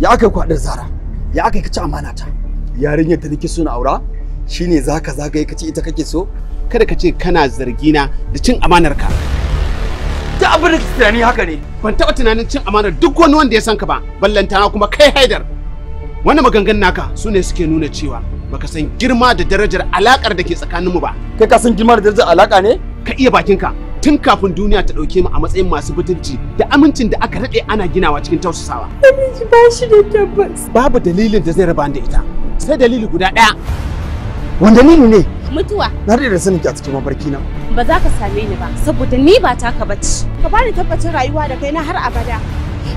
ya aka yi zara ya aka yi amana ta yarinyar ta nake so na aura shine zaka yi kici ita kake so kada ka ce kana zargi na da cin amanar ka ta abin da tunani haka ne ban taba tunanin cin amanar duk wani wanda ya san ka ba ballantana kuma kai haidar wani maganganun naka su ne suke nuna cewa baka san girma da darajar alakar da ke tsakaninmu ba kai ka san girma da darajar alaka ne ka iya bakinka tun kafin duniya ta ɗauke mu a matsayin masu butulci da amincin da aka daɗe ana ginawa cikin tausasawa. Namiji ba shi da tabbas. Babu dalilin da zai raba da ita. Sai dalili guda ɗaya. Wanda nini ne? Mutuwa. Na da sanin ki a cikin mabarki na. Ba za ka same ni ba saboda ni ba taka bace. Ka bani tabbacin rayuwa da kai na har abada.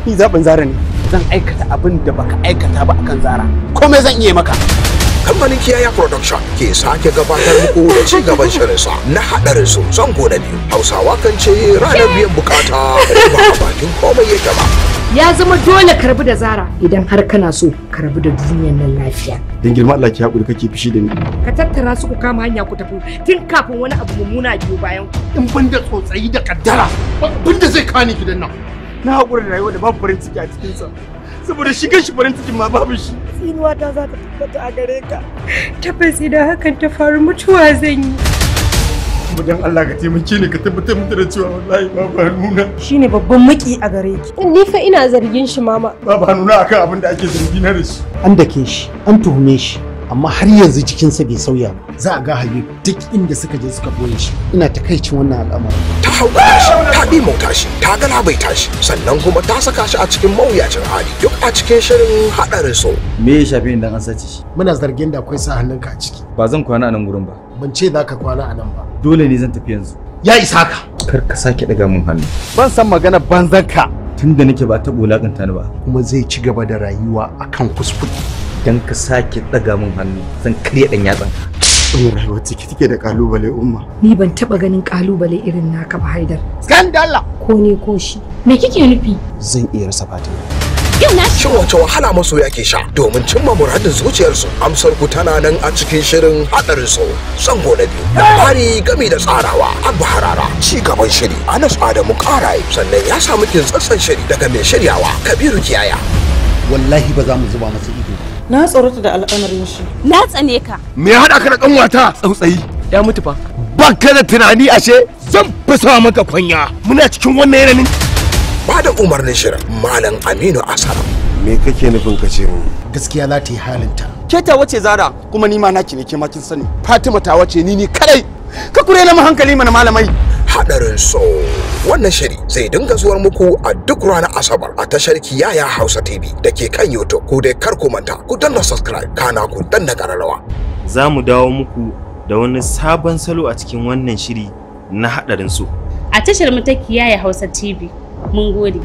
Ni zaɓin Zara ne. Zan aikata abin da baka aikata ba akan Zara. Komai zan iya maka. kamfanin kiyaya production ke sake gabatar muku da ci gaban shirinsa na haɗarin su zan gode biyu hausawa kan ce ranar biyan bukata da ba a bakin komai yake ba ya zama dole karbi da zara idan har kana so karbi da duniyar nan lafiya dan girma Allah ki hakuri kake fishi da ni ka tattara su ku kama hanya ku tafi tun kafin wani abu mummuna biyo bayan ku. in ban da tsotsayi da kaddara ban da zai kani gidan nan na hakuri da rayuwa da babu farin ciki a cikin sa saboda shigar shi farin cikin ma babu shi sinuwa ta za ta tabbata a gare ka tabbas idan hakan ta faru mutuwa zan yi kuma dan Allah ka taimake ni ka tabbatar mutu da cewa wallahi babu hanuna shine babban maki a gare ki ni fa ina zargin shi mama babu hanuna akan abin da ake zargi na da shi an dake shi an tuhume shi amma har yanzu cikinsa bai sauya ba za a ga habib duk inda suka je suka boye shi ina takaicin wannan al'amari ta hau shi ta ɗimauta kashi ta bai tashi sannan kuma ta saka shi a cikin mawuyacin hali duk a cikin shirin hadarin so me ya shafi inda an sace shi muna zargin da akwai sa hannunka a ciki ba zan kwana a nan gurin ba ban ce za ka kwana a nan ba dole ne zan tafi yanzu ya isa ka kar ka sake daga mun hannu ban san magana banzanka tunda nake ba ta wulaƙanta ni ba kuma zai ci gaba da rayuwa akan kuskure idan ka sake ɗaga min hannu zan karya ɗan yatsan ka. Tsoron rayuwar ciki take da kalubale umma. Ni ban taɓa ganin kalubale irin naka ba Haidar. Skandala! Ko ne ko shi. Me kike nufi? Zan iya rasa Fatima. Yau na shi wace wahala masoya ke sha domin cimma muradin zuciyarsu. Amsar ku tana nan a cikin shirin haɗarin so. Son na biyu. Labari gami da tsarawa. Abba Harara ci gaban shiri. Anas Adamu karayi sannan ya samu kintsatsen shiri daga mai shiryawa Kabiru Kiyaya. wallahi ba za mu zuba masa ido na tsorata da al'amarin shi na tsane ka me ya haɗa ka da kanwata tsautsayi ya mutu fa ba da tunani ashe zan fasa maka kwanya muna cikin wannan yanayin ba da umarnin shirin malam aminu asara me kake nufin ka ce mu gaskiya za ta yi halinta ke ta wace zara kuma ni ma naki ne ke ma kin sani fatima ta wace ni ni kadai ka kure na mu hankali mana malamai hadarin so wannan shiri zai dinga zuwar muku a duk ranar asabar a tashar kiyaya hausa tv da ke kan youtube ku dai kar ku manta ku danna subscribe kana ku danna kararrawa za mu dawo muku da wani sabon salo a cikin wannan shiri na hadarin so a tashar mu ta kiyaya hausa tv mun gode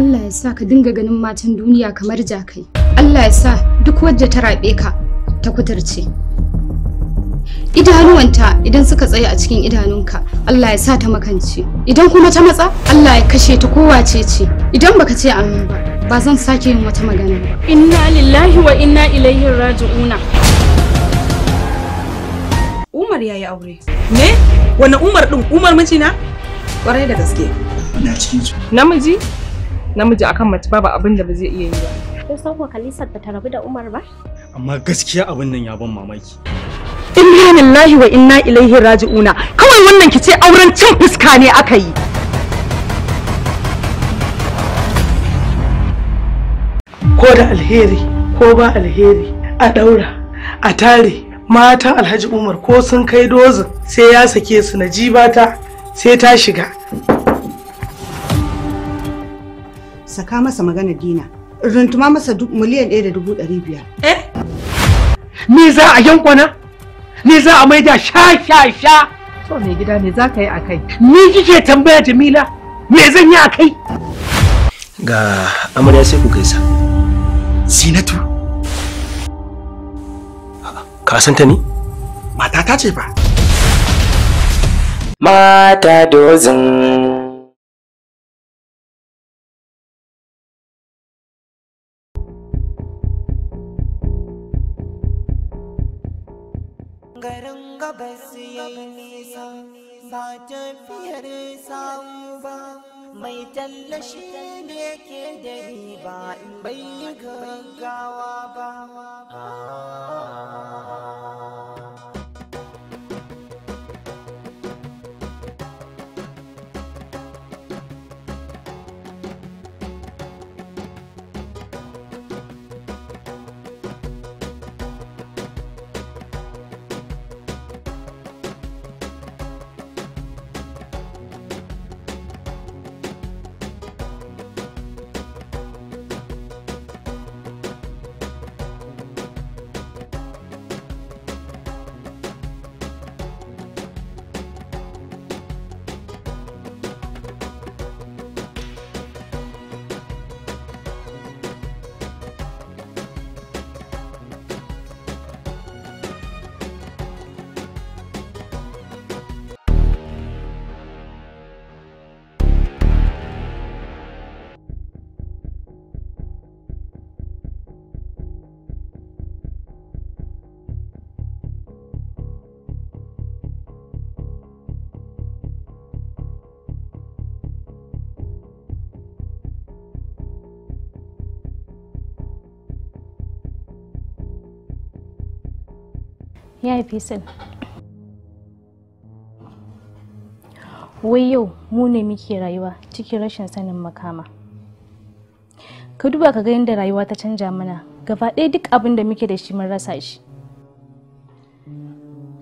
Allah ya sa ka dinga ganin matan duniya kamar jakai. Allah ya sa duk wadda ta raɓe ka ta kuturce idanuwanta idan suka tsaye a cikin idanunka Allah ya sa ta makance idan kuma ta matsa Allah ya kashe ta kowace ce idan baka ce amin ba ba zan sake yin wata magana ba inna lillahi wa inna ilaihi raji'una Umar yayi aure me wani Umar din Umar na kwarai da gaske ina cikin su namiji namiji akan mace babu abin da ba zai iya yi ba ko san ko kalisar ta rabu da Umar ba amma gaskiya abin nan ya ban mamaki inna lillahi wa inna ilaihi raji'una kawai wannan ki ce auren cin fuska ne aka yi ko da alheri ko ba alheri a daura a tare matan alhaji umar ko sun kai dozin sai ya sake su na jibata sai ta shiga saka masa magana dina runtuma masa miliyan ɗaya da dubu ɗari biyar. Eh? Ni za a yankwana? Ni za a maida sha sha sha? So mai gida me za ka yi a kai? Ni kike tambaya Jamila me zan yi a kai? Ga amarya sai ku gaisa. Zinatu. Ka san ta ni? ta ce fa. Mata dozin. mai tallashi ne ke da riba in bai gaggawa ba ah. ya fi sin wai yau mu ne muke rayuwa cikin rashin sanin makama ka duba ka ga yadda rayuwa ta canja mana gaba ɗaya duk abin da muke da shi mun rasa shi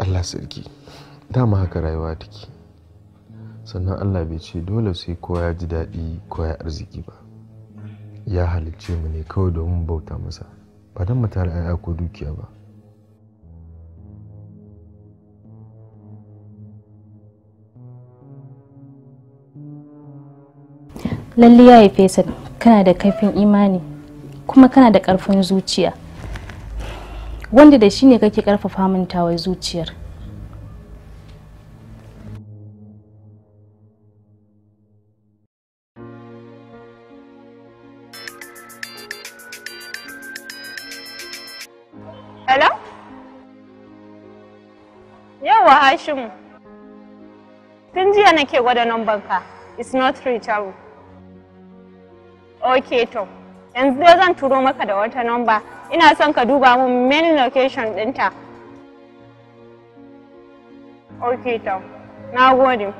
allah sarki dama haka rayuwa take sannan allah bai ce dole sai kowa ya ji daɗi ko ya arziki ba ya halicce mu ne kawai domin bauta masa ba don mu tara ko dukiya ba lalle ya haife fesa kana da kaifin imani kuma kana da karfin zuciya wanda da shi ne kake karfafa min tawa zuciyar Hello? Yawa Hashimu. Tun jiya nake gwada numbanka. It's not reachable. ok to yanzu dai zan turo maka da wata namba ina son ka duba mun main location ɗinta ok to na gode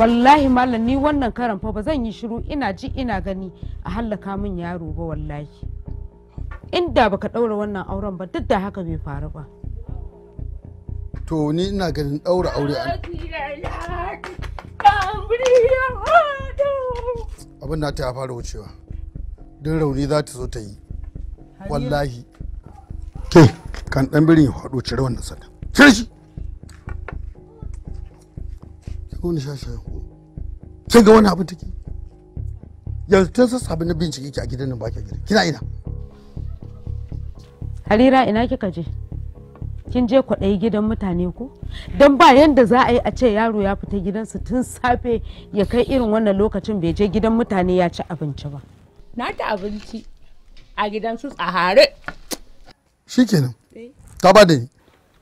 wallahi malam ni wannan karan fa ba zan yi shiru ina ji ina gani a hallaka min yaro ba wallahi inda baka daura wannan auren ba duk da haka bai faru ba to ni ina ganin daura aure abin na ta ya fara wucewa din rauni za ta zo ta yi wallahi ke kan dan birin ya faɗo cire wannan sanda shi ko ni shashayo sai ga wani abin take yanzu tun sassa abin bincike ki a gidan nan ba ki gida kina ina harira ina kika je kin je kwaɗayi gidan mutane ko don ba yanda za a yi a ce yaro ya fita gidansu tun safe ya kai irin wannan lokacin bai je gidan mutane ya ci abinci ba na ta abinci a gidan su tsahare shikenan eh. ta ba da ni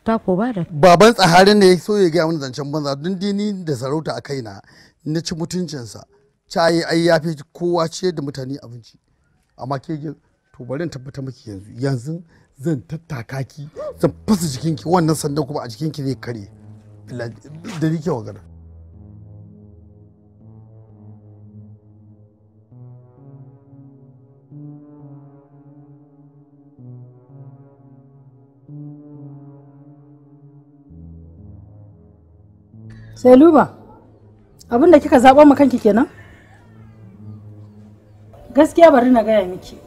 ta ko ba da baban tsaharin ne so ya gaya wani zancen banza don dini da sarauta a kaina na ci mutuncinsa caye ai ya fi kowa ce da mutane abinci amma ke to bari in tabbata miki yanzu yanzu zan tattaka ki zan fasa ki wannan sandan kuma a ki zai kare da ni ke wa Sai luba. abin da kika zaɓa ma kanki kenan gaskiya bari na gaya miki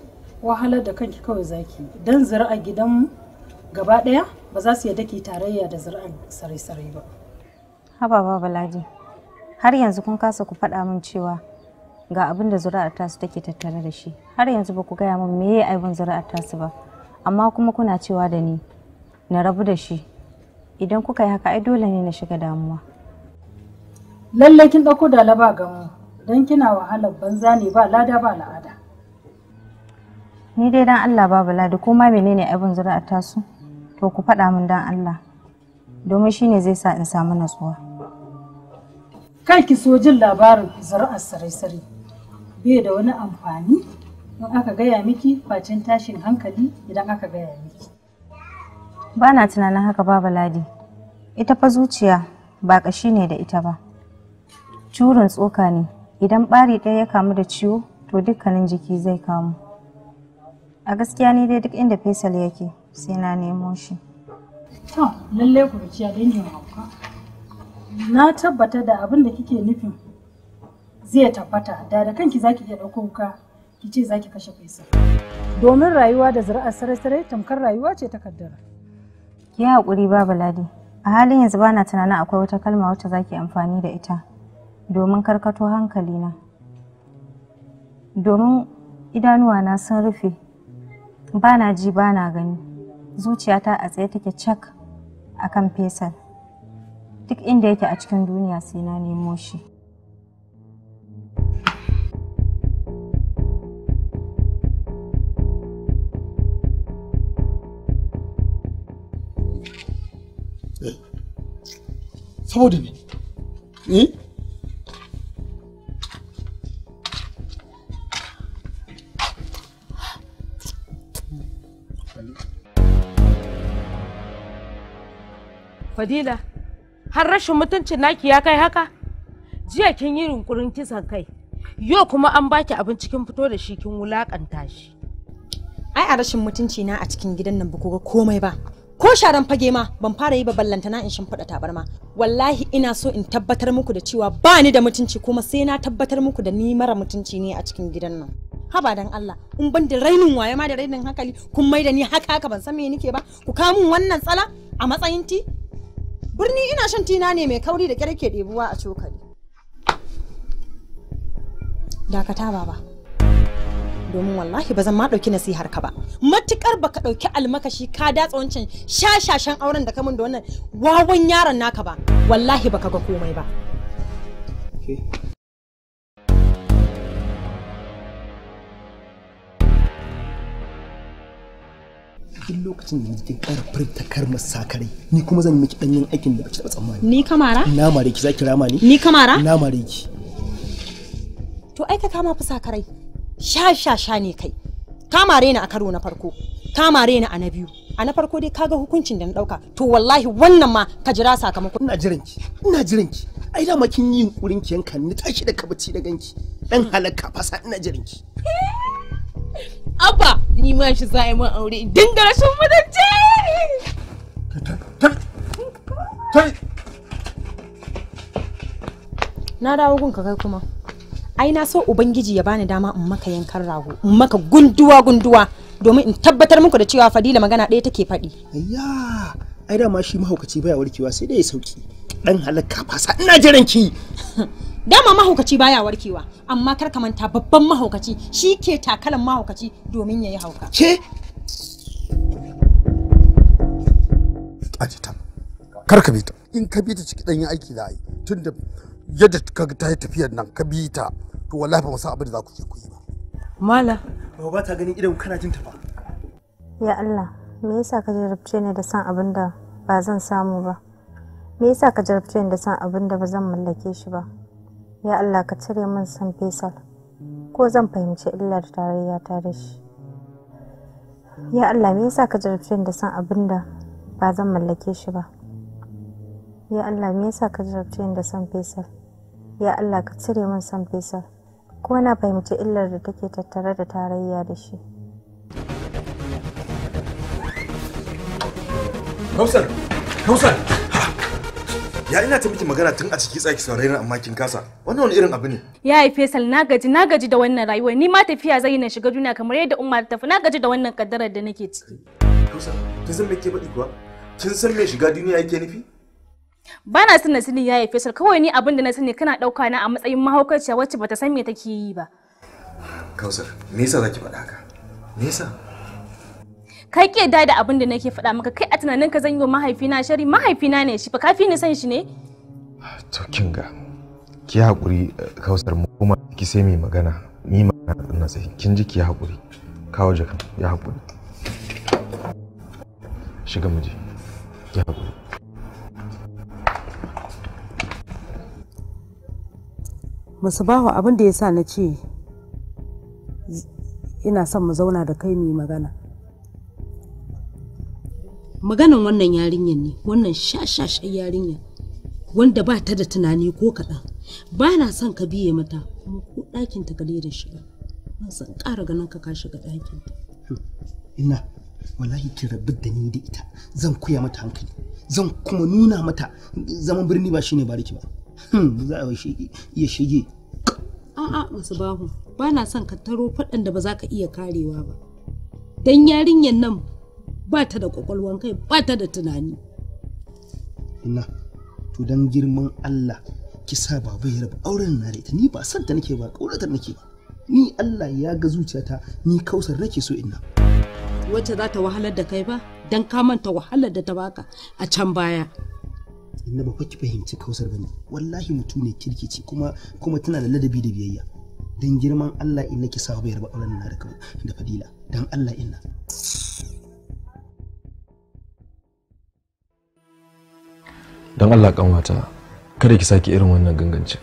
wahalar da kanki kawai zaki don zira'a gidanmu gaba ɗaya ba za su yadda ki tarayya da zira'ar sarai-sarai ba haba ba baladi har yanzu kun kasa ku faɗa min cewa ga abin da ta tasu take tattare da shi har yanzu ba ku gaya min me meye aibin ta tasu ba amma kuma kuna cewa da ni na rabu da shi idan kuka yi haka ai dole ne na shiga damuwa lallai kin ɗauko da ga mu don kina wahalar banza ne ba lada ba la'ada ni dai dan Allah babu ladi ko ma menene abin zuri'a tasu to ku faɗa min dan Allah domin shine zai sa in samu natsuwa kai ki so jin labarin zuri'ar sarai-sarai bai da wani amfani in aka gaya miki facin tashin hankali idan aka gaya miki ba na tunanin haka babu ladi ita fa zuciya ba ƙashi ne da ita ba Curin tsoka ne, idan ɓari ɗaya ya kamu da ciwo, to dukkanin jiki zai kamu. A gaskiya ne dai duk inda Faisal yake, sai na nemo shi. To, lallai ku ciya dangin hauka. Na tabbata da abin da kike nufin zai tabbata, da da kanki zaki iya ɗauko wuka, ki ce zaki kashe Faisal. Domin rayuwa da zuri'ar sare-sare tamkar rayuwa ce ta kaddara. Ki haƙuri babu ladi. A halin yanzu bana tunanin akwai wata kalma wacce zaki amfani da ita domin karkato hankalina domin idanuwa na sun rufe ba na ji ba na gani zuciyata a tsaye take cak a kan fesal duk inda yake a cikin duniya sai na nemo shi eh, saboda ne eh Fadila, har rashin mutuncin naki ya kai haka? Jiya kin yi rinkurin kisan kai, yau kuma an baki abin cikin fito da shi kin wulakanta shi. Ai a rashin mutunci na a cikin gidan nan ga komai ba. Ko sharan fage ma ban fara yi ba ballantana in tabar tabarma. Wallahi ina so in tabbatar muku da cewa ba ni da mutunci kuma sai na tabbatar muku da ni mara mutunci ne a cikin gidan nan. haba dan Allah in ban da rainin waye ma da rainin hankali kun mai da ni haka haka ban san me ke ba ku kawo min wannan tsala a matsayin ti birni ina shan tina ne mai kauri da kyar ke ɗebuwa a cokali dakata baba domin wallahi ba zan ma ɗauki nasihar ka ba matukar baka ɗauki almakashi ka datsa wancan shashashen auren da mun da wannan wawan yaron naka ba wallahi baka ga komai ba cikin lokacin da kin kara furta karmar sakare ni kuma zan miki danyen aikin da baki tsammani ni kamara na mare ki zaki rama ni ni kamara na mare ki to ai ka kama fa sakarai sha sha sha ne kai kama rena ni a karo na farko kama rena ni a na biyu a na farko dai kaga hukuncin da na dauka to wallahi wannan ma ka jira sakamako ina jiran ki ina jiran ki ai dama kin yi yunkurin ki yanka ni tashi da kabaci da ganki dan halakka fasa ina jiran ki eh! abba ni ma shi za a aure in dinga rashin mutunci na dawo gun ka kai kuma ai na so ubangiji ya bani dama in maka yankan rago in maka gunduwa gunduwa domin in tabbatar muku da cewa fadila magana ɗaya take faɗi Ayya, ai dama shi mahaukaci baya warkewa sai dai ya sauki dan halakka fasa ina jiran ki dama mahaukaci baya warkewa amma kar ka manta babban mahaukaci shi ke takalan mahaukaci domin yayi hauka ke ajitam kar ka bi ta in ka bi ta ciki ɗanyen aiki da a yi tunda yadda ka ta yi tafiyar nan ka bi ta to wallahi ba mu san abin da za ku je ku yi ba mala ba ta ganin idan kana jin ta ba ya Allah me yasa ka jarabce ni da san abin da ba zan samu ba me yasa ka jarabce ni da san abin da ba zan mallake shi ba ya Allah ka cire min san fesal ko zan fahimci illar tarayya ta da shi ya Allah me yasa ka jarabce da san abin da ba zan mallake shi ba ya Allah me yasa ka jarabce da san fesal ya Allah ka cire min san fesal ko na fahimci illar da take tattare da tarayya da shi Kausar! Kausar! ya ina ta miki magana tun a ciki tsaki saurayin amma kin kasa wannan wani irin abu ne ya yi fesal na gaji na gaji da wannan rayuwa ni ma tafiya zai na shiga duniya kamar yadda umma ta tafi na gaji da wannan kaddarar da nake ciki kusa kin san me ke faɗi kuwa kin san me shiga duniya yake nufi ba na son na sani ya yi fesal kawai ni abin da na sani kana ɗauka na a matsayin mahaukaciya wacce bata san me take yi ba kausar me yasa zaki faɗa haka me yasa kai ke da da abin da nake faɗa maka kai a tunanin ka zan yi wa mahaifina shari mahaifina ne shi fa kafi ni san shi ne to kinga ki hakuri eh, kausar mu kuma ki sai mai magana ni magana na sai kin ji ki hakuri kawo jaka ya hakuri shiga mu je ki hakuri musu bawa abin da ya sa na ce ina son mu zauna da kai mu yi magana maganan wannan yarinyar ne wannan shashashen yarinya wanda ba ta da tunani ko kaɗan ba na son ka biye mata kuma ko ɗakin ta gare da shiga ban san ƙara ganin ka ka shiga ɗakin ta hmm. ina wallahi ki rabu da ni da ita zan kuya mata hankali zan kuma nuna mata zaman birni ba shine bariki ba hmm, za a iya shige a'a masu bahu ba na son ka taro faɗan da ba za ka iya karewa ba dan yarinyar nan Bata da kwakwalwan kai bata da tunani ina to dan girman Allah ki sa baba ya raba auren na ita ni ba san ta nake ba kauratar nake ba ni Allah ya ga zuciyata ni kausar nake so ina wacce za ta wahalar da kai ba dan ka manta wahalar da ta baka a can baya Ina ba ki fahimci kausar bane wallahi mutu ne kirkici kuma kuma tana da ladabi da biyayya dan girman Allah inna ki sa ya raba auren na da fadila dan Allah inna don allah kanwata kada ki sake irin wannan gangancin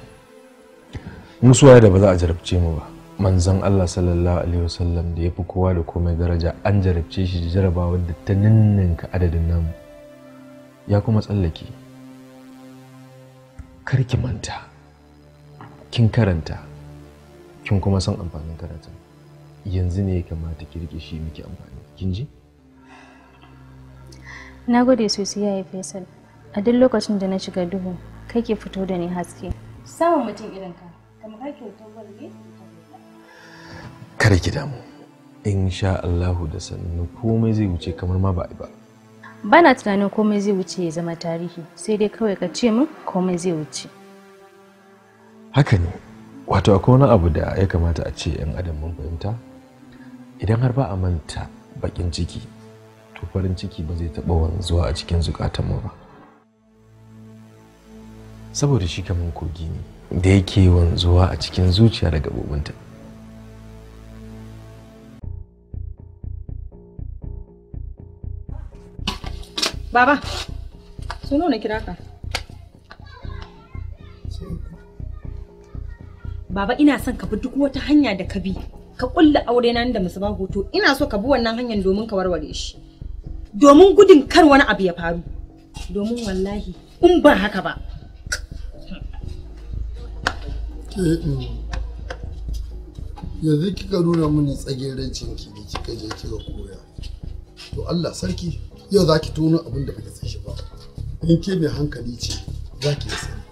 musuwa da ba za a jarabce mu ba manzon allah sallallahu alaihi wasallam da ya fi kowa da komai daraja an jarabce shi da jarabawar da ta ninninka adadin namu ya kuma tsallake kar ki manta kin karanta kin kuma san amfanin karatun yanzu ne ya kamata ki rike shi miki amfani kin ji na gode sosai ya yi faisal a duk lokacin da na shiga duhu kai ke fito da ni haske samun mutum irin ka kamar kai kar ki damu sha Allahu da sannu komai zai wuce kamar ma ba ba bana tunanin komai zai wuce ya zama tarihi sai dai kawai ka ce min komai zai wuce haka ne wato akwai wani abu da ya kamata a ce yan adam mun fahimta idan har ba a manta bakin ciki to farin ciki ba zai taɓa wanzuwa a cikin zukatanmu ba saboda shi kamar kogi ne da yake wanzuwa a cikin zuciya daga gabobinta Baba, suno na kiraka? Baba ina son ka bi duk wata hanya da ka bi, ka kulla aure nan da musu hoto. Ina so ka bi wannan hanyar domin ka warware shi. Domin gudun kar wani abu ya faru. Domin wallahi in ba haka ba, ke eh, yanzu kika nuna mini tsagerancin ki da kika je kika koya to Allah sarki yau za ki tono abin da baka san shi ba in ke mai hankali ce za ki sani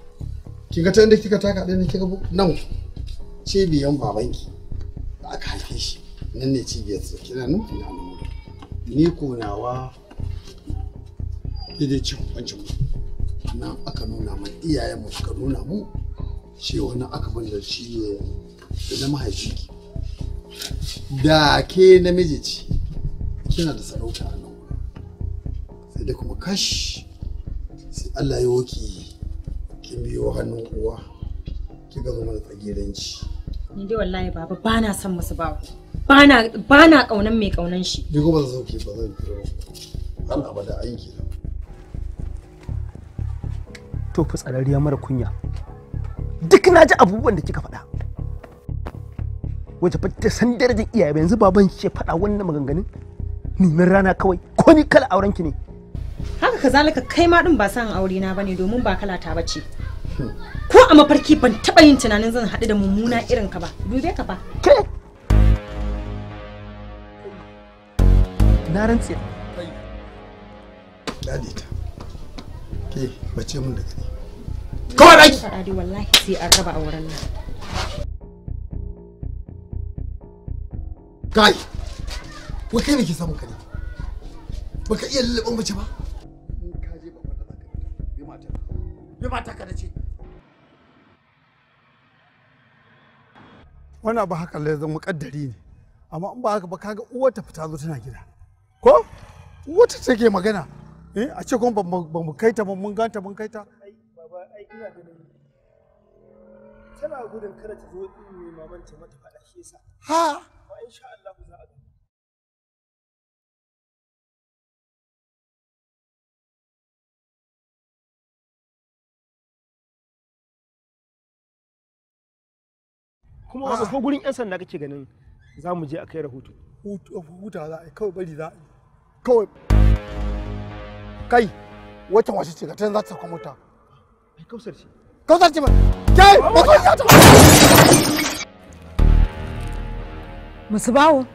ki ga ta inda kika taka ɗaya kika bu nan cibiyan babanki da aka haife shi nan ne cibiyar sa kina nan kina nan ni ko nawa daidai cin kwancin mu aka nuna mun iyayen mu suka nuna mu ce wannan aka da shi ne da na mahaifinki da ke namiji ce kina da sarauta a nan sai da kuma kash sai Allah ya woki kin biyo hannun uwa ki ga zama da tsagiranci ni dai wallahi baba ba na son musu ba bana bana kaunan mai kaunan shi ni kuma zan sauke ba zan kira An abada aiki to fa tsararriya mara kunya duk na ji abubuwan da kika faɗa wajen fata ta san darajar iyaye ba yanzu baban ce faɗa wannan maganganun neman rana kawai ko ni kala auren ki ne haka kazalika kai ma din ba san aure na bane domin ba kala ta bace hmm. ko a mafarki ban taɓa yin tunanin zan haɗu da mummuna irin ka ba dube ka fa ke na dadi ta ke bace mun da gani kawai ɗaki wallahi sai an raba nan kai kai ne ke samun kare baka iya lallaɓan mace ba bi mata ka ce wannan ba haka lai zama kaddari ne amma in ba haka ba kaga uwar ta fita zo tana gida ko uwar ta take magana eh a ce kuma ba mu kai ta ba mun ganta mun kai ta ina ganin tana gudun kada ta zo in ne maman ta mata faɗa shi yasa ha ba insha Allah za a ga kuma wasu ko gurin 'yan sanda kake ganin za mu je a kai rahoto huta za a kawai bari za a kawai kai wata wasu ce ka za ta saka mota Kausar ce. Kausar ce ba.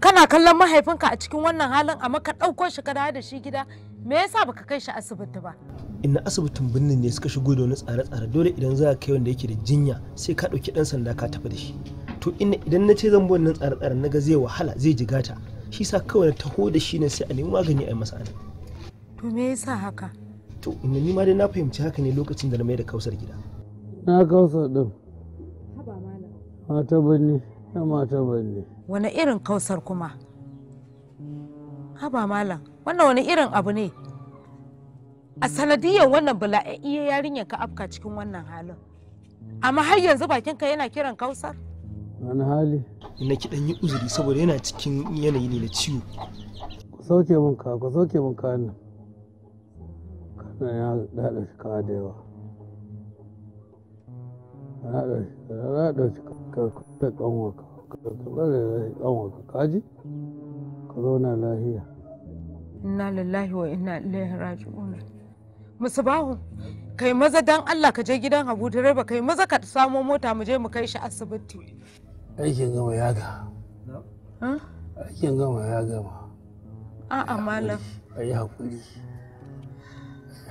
Kana kallon mahaifinka a cikin wannan halin a maka ɗauko shi ka da shi gida. Me yasa baka kai shi asibiti ba? Ina asibitin birnin ne suka shigo da wani tsare-tsare dole idan za ka kai wanda yake da jinya sai ka ɗauki ɗan sanda ka tafi da shi. To ina idan na ce zan bi wannan tsare-tsaren na ga zai wahala zai jigata. Shi sa kawai na taho da shi ne sai a nemi magani a yi masa To me yasa haka? to ni ma dai na fahimci haka ne lokacin da na mai da kausar gida na kausar din mata banne na mata banne wani irin kausar kuma haba malam wannan wani irin abu ne a sanadiyar wannan iya yarinyar ka afka cikin wannan halin amma har yanzu bakinka yana kiran kausar wani hali ina ki dan yi uzuri saboda yana cikin yanayi ne na ciwo ku sauke mun ka ku sauke mun ka nan ya daɗa shika da yawa ya daɗa ka ka zauna lahiya inna lillahi wa inna ilaihi raji'un kai maza dan Allah ka je gidan Habu direba kai maza ka samo mota mu je mu kai shi asibiti aikin gama ya ga aikin gama ya gama a'a malam ayi hakuri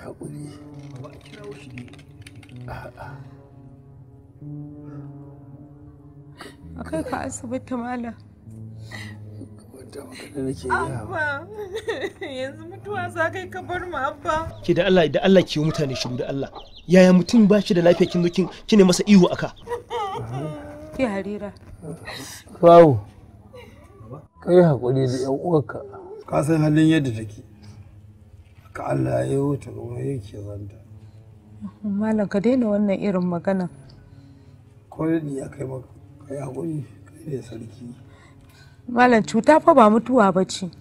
haƙuri ba a kira shi ne a kai ka asibiti mala Abba yanzu mutuwa za kai ka bar mu abba. Ke da Allah da Allah ke mutane shiru da Allah. Yaya mutum ba shi da lafiya kin zo kine masa ihu aka. ke harira. Kawo. Kai hakuri da ƴan uwarka. Ka san halin yadda take. ka Allah ya wuce kuma yake zanta malam ka daina wannan irin magana ko ni ya kai maka kai hakuri kai ne sarki malam cuta fa ba mutuwa ba ce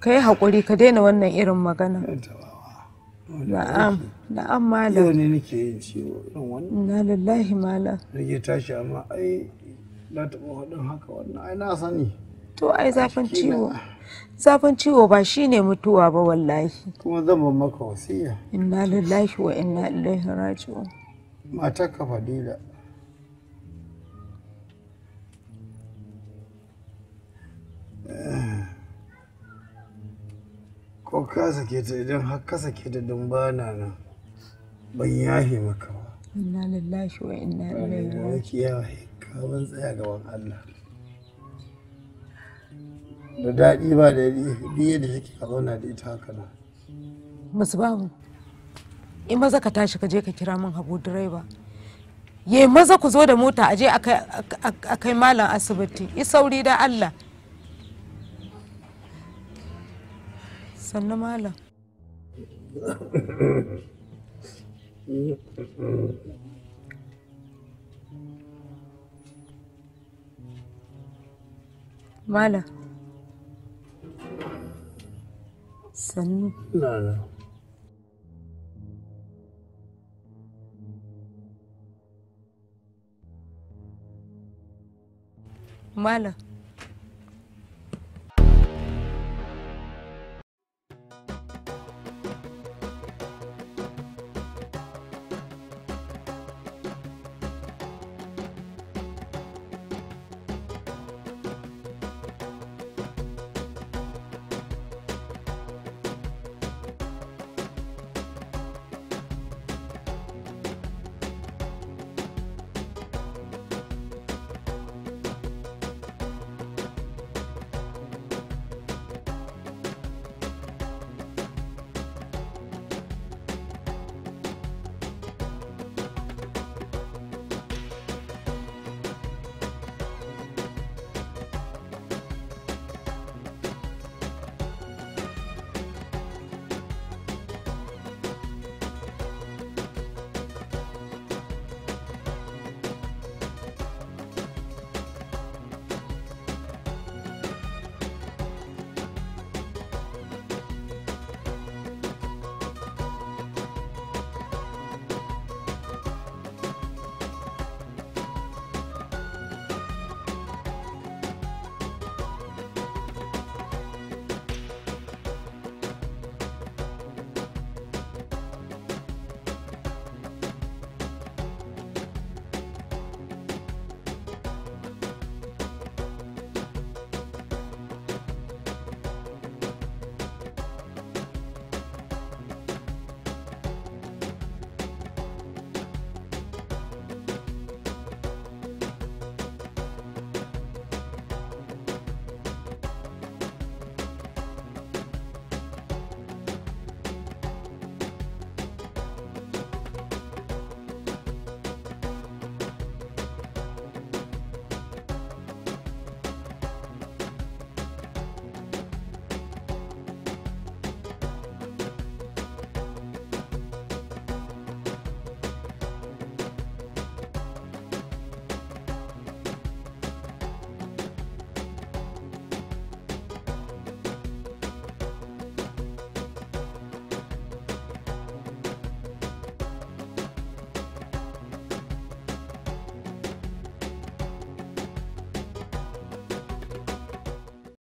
ka yi haƙuri ka daina wannan irin magana na'am na'am malam yau ne nake yin ciwo irin wannan na malam nake tashi amma ai na taɓa haka wannan ai na sani to ai zafin ciwo zafin ciwo ba shi ne mutuwa ba wallahi kuma zan ban maka wasiya inna lillahi wa inna ilaihi raji'un mata ka fadila ko ka sake ta idan har ka sake ta don bana na ban yahe maka ba inna lillahi wa inna ilaihi raji'un ya ka ban tsaya gaban Allah da daɗi ba da biye da take ka zauna da ita haka nan. Musu babu, in maza ka tashi ka je ka kira min habu direba. Ye maza ku zo da mota aje a kai malam asibiti, i sauri da Allah. Sannu malam. Malam. Son... No, no. Bueno,